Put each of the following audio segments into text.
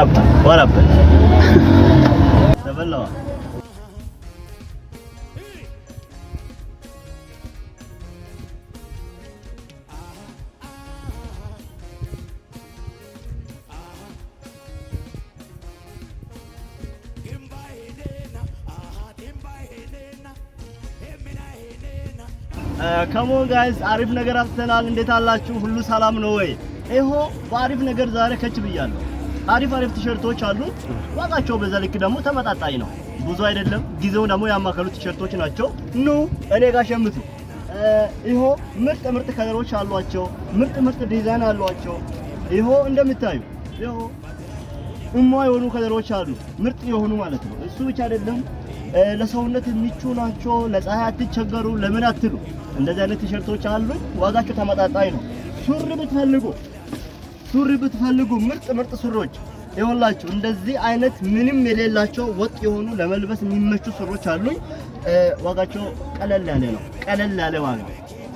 What up? What up? Double law. ከሞን ጋይስ አሪፍ ነገር አስተናል። እንዴት አላችሁ? ሁሉ ሰላም ነው ወይ? በአሪፍ ነገር ዛሬ ከች ብያለሁ። አሪፍ አሪፍ ቲሸርቶች አሉ። ዋጋቸው በዛ ልክ ደግሞ ተመጣጣኝ ነው። ብዙ አይደለም። ጊዜው ደግሞ ያማከሉ ቲሸርቶች ናቸው። ኑ እኔ ጋር ሸምቱ። ይሆ ምርጥ ምርጥ ከለሮች አሏቸው። ምርጥ ምርጥ ዲዛይን አሏቸው። ይሆ እንደምታዩ እማ የሆኑ ከለሮች አሉ። ምርጥ የሆኑ ማለት ነው። እሱ ብቻ አይደለም ለሰውነት የሚቹ ናቸው። ለፀሐይ አትቸገሩ። ለምን አትሉ። እንደዚህ አይነት ቲሸርቶች አሉ። ዋጋቸው ተመጣጣኝ ነው። ሱሪ ብትፈልጉ ሱሪ ብትፈልጉ ምርጥ ምርጥ ሱሪዎች ይኸውላችሁ እንደዚህ አይነት ምንም የሌላቸው ወጥ የሆኑ ለመልበስ የሚመቹ ሱሪዎች አሉኝ። ዋጋቸው ቀለል ያለ ነው። ቀለል ያለ ዋጋ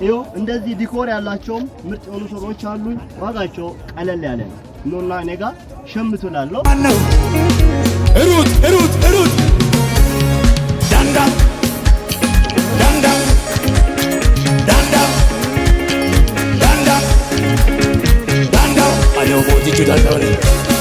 ይኸው። እንደዚህ ዲኮር ያላቸውም ምርጥ የሆኑ ሱሪዎች አሉኝ። ዋጋቸው ቀለል ያለ ነው። ኑና እኔ ጋር ሸምቱላለሁ። ሩት ሩት ሩት to the knowledge.